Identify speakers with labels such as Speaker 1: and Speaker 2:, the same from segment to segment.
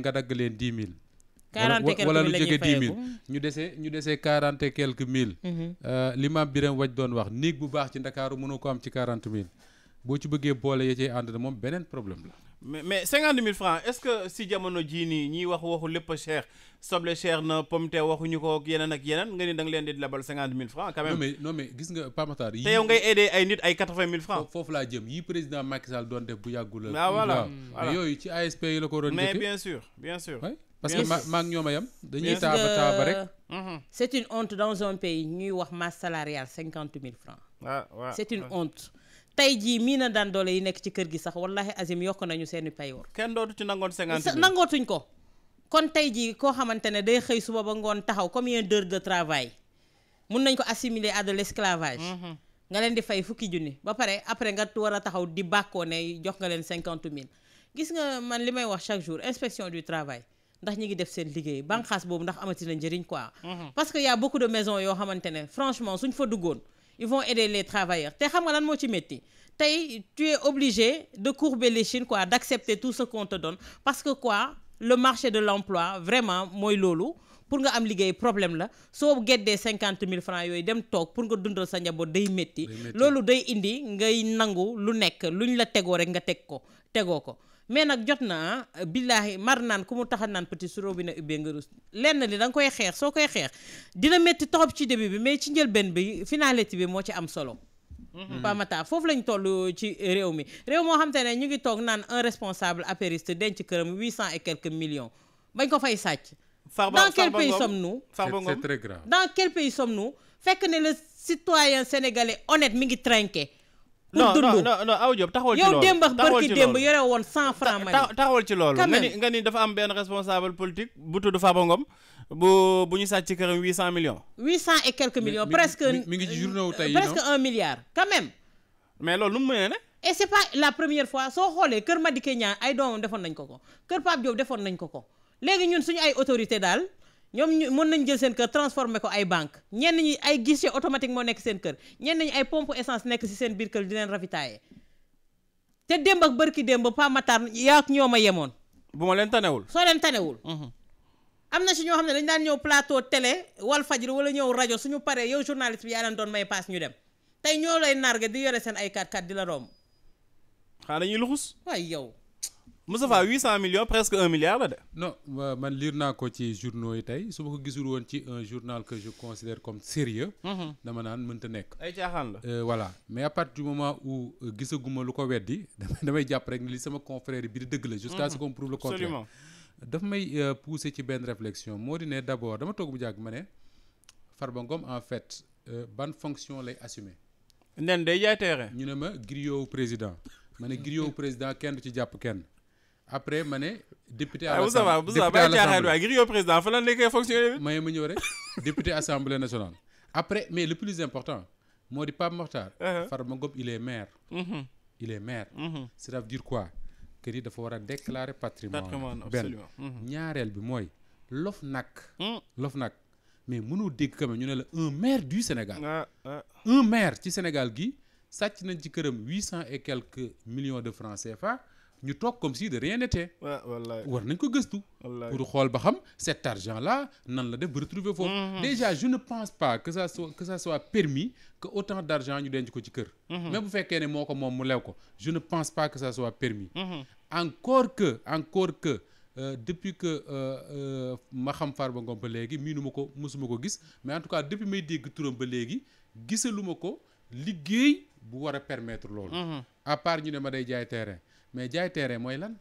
Speaker 1: nga dagg leen dix mille. quarante quelques wala lu jege dix mille ñu desee ñu desee quarante quelques mille. Mhm. Euh, li maam Birame waj doon wax néeg bu baax ci ndakaaru mënoo ko am ci quarante mille boo ci bëggee boole ya cee ànd na moom beneen problème la.
Speaker 2: mais mais cinquante mille francs est-ce que si jamono jii nii ñiy wax waxu lépp cher soble cher na pomme waxuñu ko ak yeneen ak yeneen nga ni da nga leen di labal cinquante mille francs quand même non mais non mais gis nga Pamatar yi te yow
Speaker 1: ngay président Macky doon def bu yàggul ah voilà mais yooyu ci ASP yi la ko doon mais bien sûr
Speaker 3: bien sûr parce que ma maa
Speaker 1: ngi a yam dañuy taaba taaba rek
Speaker 3: mhm. c'est une honte dans un pays ñuy wax masse salariale cinquante ah, une honte tey jii mii na daan doole yi nekk ci kër gi sax wallahi azim yokk nañu seeni payoor kenn dootu ci nangoon cinquante nangootuñ ko kon tey jii koo xamante ne day xëy suba ba ngoon taxaw combien d'heures de travail mun nañ ko assimiler à de l'esclavage mm-hmm. nga leen di fay fukki junni ba pare après nga war a taxaw di bàkkoo ne jox nga leen cinquante mille gis nga man li may wax chaque jour inspection du travail ndax ñi ngi def seen liggéey banqaas boobu ndax amati na njëriñ quoi mm-hmm. parce que y a beaucoup de maisons yoo xamante ne franchement ils vont aider les travailleurs te xam nga lan moo ci métti tey tu es obligé de courber l'échine quoi d'accepter tout ce qu'on te donne parce que quoi le marché de l'emploi vraiment mooy loolu pour nga am liggéey problème la soo geddee cinquante mille francs yooyu dem toog pour nga dundal sa njaboot day métti loolu day indi ngay nangu lu nekk lu ñu la tegoo rek nga teg ko tegoo ko mais nag jot na billaahi mar naan ku mu taxa naan petit su robinet ubbee nga rus lenn li danga koy xeex soo koy xeex dina métti trop ci début bi mais ci njëlbeen bi finalité bi moo ci am solo mhm. pamata foofu lañ toll ci réew mi réew moo xam ne ñu ngi toog naan un responsable apériste denc këram huit cent et quelques millions bañ ko fay sàcc Farba dans quel pays sommes-nous Farba Ngom c'est très grave dans quel fekk ne le citoyen sénégalais honnête mi ngi trinqué. pour dund non non
Speaker 2: non Awa Diop taxawal ci loolu
Speaker 3: yow
Speaker 2: ci loolu nga ni nga ni dafa am benn responsable politique bu tudd Farba Ngom bu bu ñu sàcc ci këram huit cent millions.
Speaker 3: huit cent et quelques millions. presque
Speaker 1: mi ngi ci journaux
Speaker 3: tey presque un milliard quand même. mais loolu lu mu mënee ne. et c'est pas la première fois soo xoolee kër ma Madické Niang ay doomam defoon nañ ko ko kër Pape Diop defoon nañ ko ko. léegi ñun suñu ay autorité daal ñoom ñu mën nañ jël seen kër transformé ko ay banque ñenn ñi ay guichet automatique moo nekk seen kër ñenn ñi ay pompe essence nekk si seen biir kër di leen ravitailler te démb ak bërki démb Pa Matar yaa ak ñoom ma yemoon. bu ma leen tanewul soo leen tanewul. Mhm. am na si ñoo xam ne dañ daan ñëw plateau télé wal fajri wala ñëw rajo suñu paree yow journaliste bi yaa leen doon may paas ñu dem tey ñoo lay narge di yore seen ay 4 x di la romb. xanaa dañuy luxus. waay yow.
Speaker 2: Moustapha
Speaker 1: 800 millions presque 1 milliard la de. non man liir naa ko ci journaux yi tey su ma ko gisul woon ci un journal que je considère comme sérieux mhm. dama naan mënta nekk. ay caaxaan la. Euh, voilà mais à partir du moment où euh, gisaguma lu ko weddi damay jàpp rek li sama confrère bi di dëgg la. jusqu'à ce mhm. qu'on prouve le contraire. absolument daf may euh, pousser ci benn réflexion moo di ne d'abord dama toog bu jàgg ma ne Farba Ngom en fait ban fonction lay assumer. nen d jaay terrain. ma griot président ma ne griot président kenn ci jàpp kenn. après ma ne député à ah, l'assemblée ma ñëw rek député assemblée nationale après mais le plus important moo di Pape Mokhtar uh-huh. Farba Ngom il est maire mm-hmm. il est maire mm-hmm. ça veut dire quoi que ni dafa war a déclarer patrimoine benn mm-hmm. ñaareel bi mooy lof nag mm. lof nag mais mënoo dégg quand même ñu ne la un maire du Sénégal ah, ah. un maire ci Sénégal gi sàcc nañ ci këram huit cent et quelques millions de francs CFA ñu toog comme si de rien n'était war nañ ko gëstu pour xool ba xam cet argent la nan la def ba retrouver foofu mm-hmm. déjà jeune ne pense pas que ça soit que ça soit permis que autant d'argent ñu denc ko ci kër mais mm-hmm. bu fekkee ne moo ko moom mu lew ko je ne pense pas que ça soit permis mm-hmm. encore que encore que euh, depuis que euh, euh, ma xam Farba Ngom ba léegi miinu ma ko mosuma ko gis mais en tout cas depuis may dégg turam ba léegi gisaluma ko liggéey bu war a permettre loolu à ñu ne ma day jaay terrain mais jaay terrain mooy lan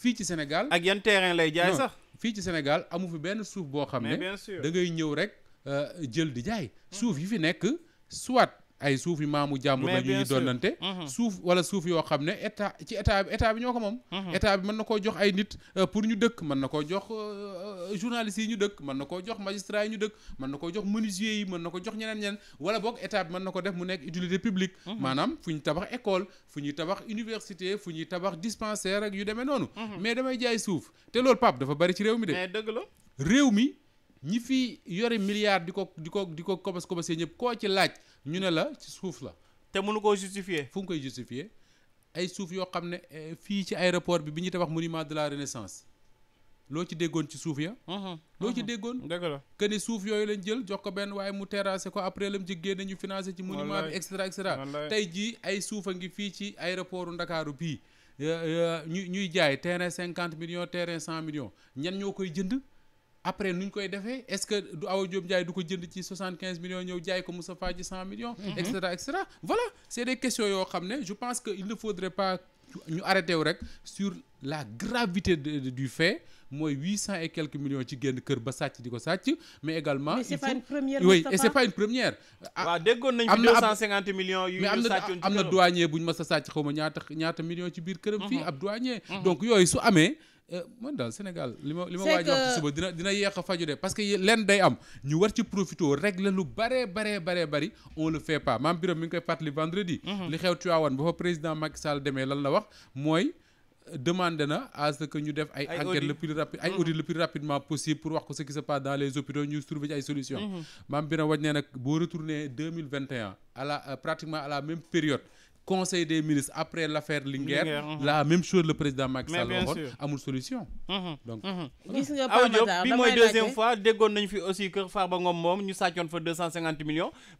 Speaker 1: fii ci Sénégal. ak yan terrain lay jaay sax. fii ci Sénégal amu fi benn suuf boo xam ne. da ngay ñëw rek euh, jël di jaay. suuf yi fi nekk soit. ay suuf yu maamu jàmbur la ñuy doonante suuf wala suuf yoo xam ne état ci état bi état bi ñoo ko moom mhm. état bi mën na koo jox ay nit euh, pour ñu dëkk mën na koo jox euh, euh, journalistes yi ñu dëkk mën na koo jox magistrats yi ñu dëkk mën na koo jox menuisiers yi mën na ko jox ñeneen ñeneen wala boog état bi mën na ko def mu nekk utilité publique mhm. maanaam fu ñu tabax école fu ñuy tabax université fu ñuy tabax dispensaire ak yu demee noonu mhm. mais damay jaay suuf te loolu Pape dafa bari ci réew mi de dëgg la réew mi ñi fi yore milliards di ko di ko di ko kobos kobosee ñëpp koo ci laaj ñu ne la ci suuf la. te mënu koo justifier. fu mu koy justifier ay suuf yoo xam ne eh, fii ci aéroport bi bi ñuy tabax monument de la renaissance loo ci déggoon ci suuf ya. Mhm. loo ci mhm. déggoon. dëgg la que ni suuf yooyu lañ jël jox ko benn waaye mu terrassé ko après lam ci génne ñu financé ci monument bi et cetera et tey jii ay suuf ngi fii ci aéroport Ndakaaru bii ñu ñuy jaay terrain cinquante million terrain cent millions ñan ñoo koy jënd. après ñu koy defee est-ce que du Awa Diop du ko jënd ci soixante quinze millions ñëw jaay ko Moustapha ji cent millions mhm. et cetera voilà c'est des questions yoo xam ne je pense que il ne faudrait pas ñu arrêté wu rek sur la gravité de, du fait mooy huit cent et quelques millions ci génn kër ba sàcc di ko sàcc mais également mais c'est première oui et c'est pas une première ah, millions yu mais am na am na douanier bu ñu sàcc xaw ma ñaata ñaata millions ci biir këram mhm. fii ab douanier mhm. donc su amee Eh, man daal Sénégal li ma li ma waaj wax suba dina dina yéex faju de parce que leen day am ñu war ci profité régler lu baree baree baree bari on le fait pas maam Birame mi ngi koy fàttali vendredi mhm. li xew Tivaouane ba fa président Macky Sall demee lan la wax mooy demandé na à ce que ñu def ay enquête le plus rapide ay mhm. audit le plus rapidement possible pour wax ko ce qui se passe dans les hôpitaux ñu trouver ay solution mhm. maam Birame waj nee nag boo retourné mille vingt et un euh, la même période conseil des ministres après l'affaire Linguère uh-huh. la même chose le président Macky Sall waxoon amul solution uh-huh. donc uh-huh.
Speaker 3: gis nga bi mooy deuxième
Speaker 2: fois déggoon nañu fi aussi kër Farba Ngom moom ñu sàccoon fa deux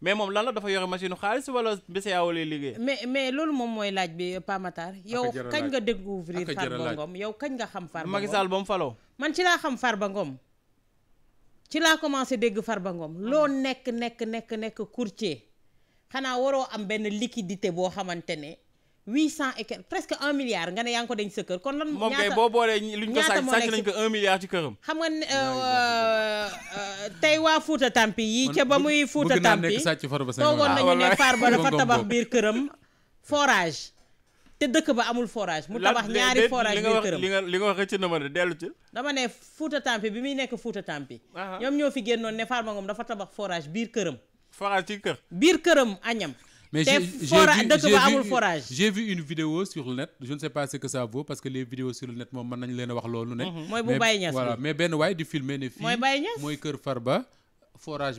Speaker 2: mais moom lan la dafa yore machine xaalis wala BCEAO lay liggéey
Speaker 3: mais mais loolu moom mooy laaj bi euh, Pa Matar kañ nga découvrir Farba Ngom yow kañ nga xam Farba Ngom ba mu faloo man ci laa xam Farba Ngom ci laa commencé dégg Farba Ngom loo nekk nekk nekk nekk xanaa waroo am benn liquidité boo xamante ne huit cent et quelques presque un milliard nga ne yaa ngi ko denc sa kër kon lan. moom kay boo
Speaker 2: boolee luñ ko sàcc sàcc nañ
Speaker 3: ko un ne euh, euh, tey waa Fouta Tampi yi ca ba muy. Fouta Tampi toogoon nañu ne ah, faar ba dafa tabax biir këram forage. te dëkk ba amul forage mu tabax ñaari forage biir këram li
Speaker 2: nga li nga wax rëcc
Speaker 3: na ma bi muy nekk Fouta Tampi ñoom ñoo fi génnoon ne Farba Ngom dafa tabax forage biir këram forage ci kër. biir këram añam. mais j'ai dëkk ba amul forage.
Speaker 1: j'ai vu une vidéo sur net je ne que ça parce que les vidéos sur net moom mën nañu leen a wax loolu ne. Mhm. mooy bu Baye Niass voilà mais benn waay di filmer ne. fii mooy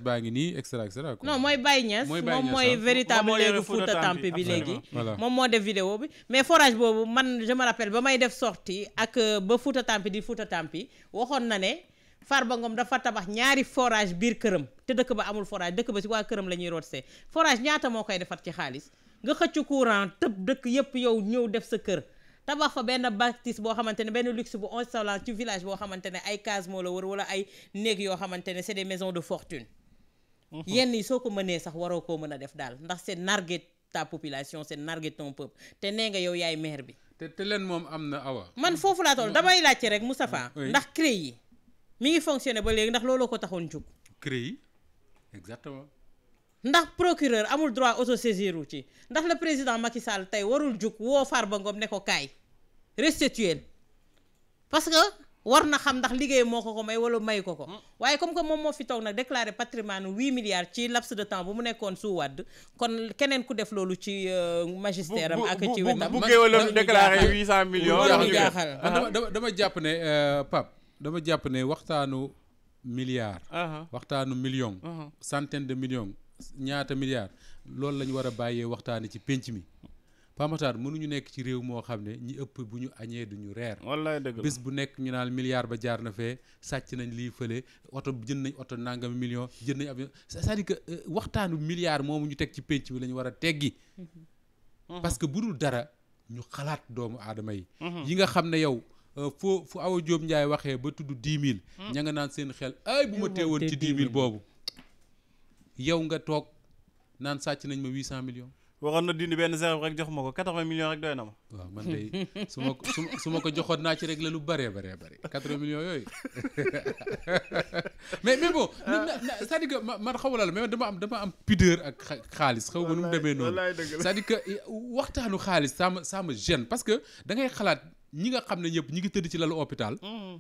Speaker 1: baa ngi nii et cetera et
Speaker 3: cetera mooy Baye Niass moom mooy véritable léegi Fouta Tampi bi léegi moom moo def vidéo bi mais forage boobu man je me rappelle ba may def sortie ak euh, ba Fouta Tampi di Fouta Tampi waxoon na ne Farba Ngom dafa tabax ñaari forage biir këram te dëkk ba amul forage dëkk ba si waa këram la ñuy rootse forage ñaata moo koy defar ci xaalis nga xëcc courant tëb dëkk yëpp yow ñëw def sa kër tabax fa benn bâtisse boo xamante ne benn luxe bu insolent ci village boo xamante ne ay case moo la war wala ay néeg yoo xamante ne c'est des maisons de fortune mhm. yenn yi soo ko mënee sax waroo koo mën a def daal ndax c'est narget ta population c'est narguer ton te nee nga yow yaay maire bi te te leen moom am na man foofu laa toll damay laajte rek Moustapha ndax CREI yi mi ngi fonctionné ba léegi ndax looloo ko taxoon jug CREI yi exactement. ndax procureur amul droit autosaisir wu ci ndax le président Macky Sall tey warul jug woo Farba Ngom ne ko kaay restituer parce que war na xam ndax liggéey moo ko ko may wala may ko ko. Hmm. waaye comme que moom moo fi toog nag déclaré patrimoine huit milliards ci laps de temps bu mu nekkoon su wàdd kon keneen ku def loolu ci euh, magistère am. ak ci wetam bu bu bu bu déclaré huit cent millions. dama dama jàpp
Speaker 1: ne euh, Pape dama jàpp ne waxtaanu. milliard. waxtaanu million. centaine de millions ñaata milliards loolu la ñu war a bàyyee waxtaanee ci pénc mi. Pamatar mënuñu nekk ci réew moo xam ne ñi ëpp bu ñu añee ñu reer. wallaay dëgg bu nekk ñu naan milliard ba jaar na fee sàcc nañ lii fële oto jënd nañ oto nangam million jënd nañ avion cest à que euh, waxtaanu milliard moomu ñu teg ci pénc bi la ñu war a teggi. Mhm. Mhm. parce que bu dul dara ñu xalaat doomu aadama yi. Mhm. yi nga xam ne yow. Euh, foo fu Awa Diop njaay waxee ba tudd dix mille. Hmm. ña nga naan seen xel ay bu ma teewoon ci dix boobu. yow nga toog naan sàcc nañ ma huit cent million waxoon na dindi benn zéro rek jox ma ko quatre vingt millions rek doy na ma. waaw man de su ma ko joxoon naa ci rek la lu bëree bëree bëri quatre vingt millions yooyu mais mais bon. Ah. c'est-à-dire que man xaw la mais dama am dama am pudeur ak xaalis. xaw ma nu mu demee noonu cest à euh, waxtaanu xaalis ça me ça me gêne parce que da ngay xalaat. ñi nga xam ne ñëpp ñi ngi tëdd ci lalu hôpital. Mm-hmm.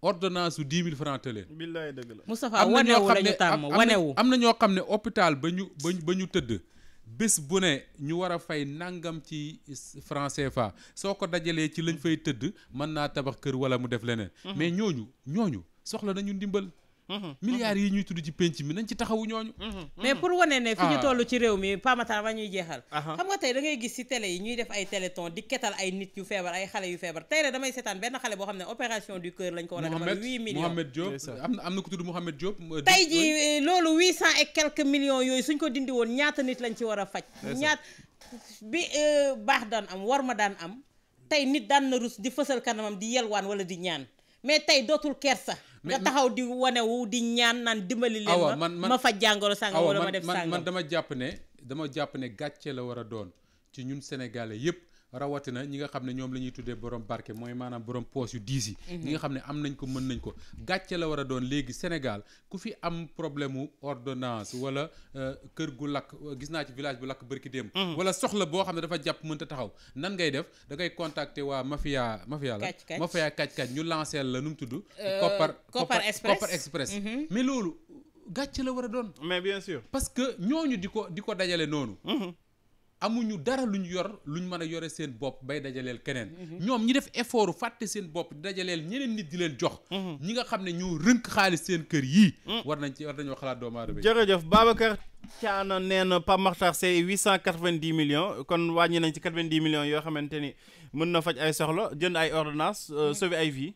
Speaker 1: ordonnance su dix mille francs te leen.
Speaker 2: billaay dëgg la Moustapha wanewu la tàmm wanewu
Speaker 1: am na ñoo xam ne hôpital ba ñu ba ba ñu tëdd. bés bu ne ñu war a fay nangam ci français CFA soo ko dajalee ci lañ fay tëdd mën naa tabax kër wala mu def leneen. Mm-hmm. mais ñooñu ñooñu soxla nañu ndimbal. Mhm. milliards yi ñuy tudd ci penc mi nañ ci taxawu ñooñu
Speaker 3: mhm. Mhm. mais pour wane ne fi ñu ah. toll ci réew mi pamatar ñuy jeexal xam nga tey da ngay gis ci télé yi ñuy def ay téléthon di ketal ay nit yu feebar ay xale yu feebar tey rek damay seetaan benn xale boo xam ne opération du cœur lañ ko war a defal huit millions Mohamed
Speaker 1: Diop am na am na ku tudd Mohamed Diop euh, tey ji euh,
Speaker 3: loolu huit cent et quelques millions yooyu suñ ko dindi woon ñaata nit lañ ci war a faj ñaat bi euh, baax daan am war ma daan am tey nit daan na rus di fësal kanamam di yelwaan wala di ñaan mais tey dootul kersa nga taxaw di wanewu di ñaan naan dimbali leen ma ma fa jàngoro sàngam wala ma def sàngam man
Speaker 1: dama jàpp ne dama jàpp ne gàcce la war a doon ci ñun sénégalais yépp rawatina ñi nga xam ne ñoom la ñuy tuddee borom barke mooy maanaam borom poos yu diis yi. Mhm. ñi nga xam ne am nañ ko mën nañ ko gàcce la war a doon léegi Sénégal ku fi am problème mu ordonnance wala euh, kër gu lakk euh, gis naa ci village bu lakk bërki démb. Mhm. wala soxla boo xam ne dafa jàpp mënta taxaw nan ngay def da ngay contacter waa mafia mafia la. mafia kàcc kàcc ñu lancer la nu mu tudd. Euh, Koppar Koppar Express mhm. mais loolu gàcce la war a doon. mais bien sûr. parce que ñooñu di ko di ko dajale noonu. amuñu dara lu ñu yor lu ñu mën a yore seen bopp bay dajaleel keneen mhm. ñoom ñi def effort fàtte seen bopp dajaleel ñeneen nit di leen jox mhm. ñi nga xam ne ñu rënk xaalis seen kër yii mhm. war nañ ci war nañoo xalaat doomu aadama jërëjëf
Speaker 2: Babacar Caana nee na Pape Makhtar Seye huit cent quatre-vingt-dix million kon wàññi nañ ci quatre-vingt-dix yoo xamante ni mën na faj ay soxla jënd ay ordonnance euh, sauver ay vie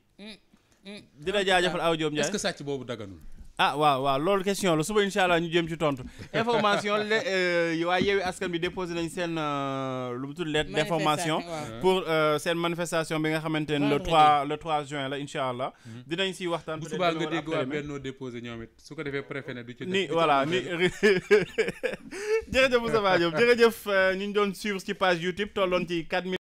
Speaker 2: dina jaajëfal aw Diop Ndiaye est-ce sàcc boobu daganul ah waaw waaw loolu question la suba incha allah ñu jëm ci tontu information le euh, waa yeewi askan bi déposé nañ seen euh, lu mu tudd lettre d'information pour euh, seen manifestation bi nga xamante ne le 3 le 3 juin la incha allah mhm. dinañ si waxtaan bu subaa nga dégg waa bennoo
Speaker 1: déposé ñoom su ko defee préfet ne du ci ni voilà ni jërëjëf Moussa Diop
Speaker 2: jërëjëf ñu ngi doon suivre ci page YouTube tolloon ci 4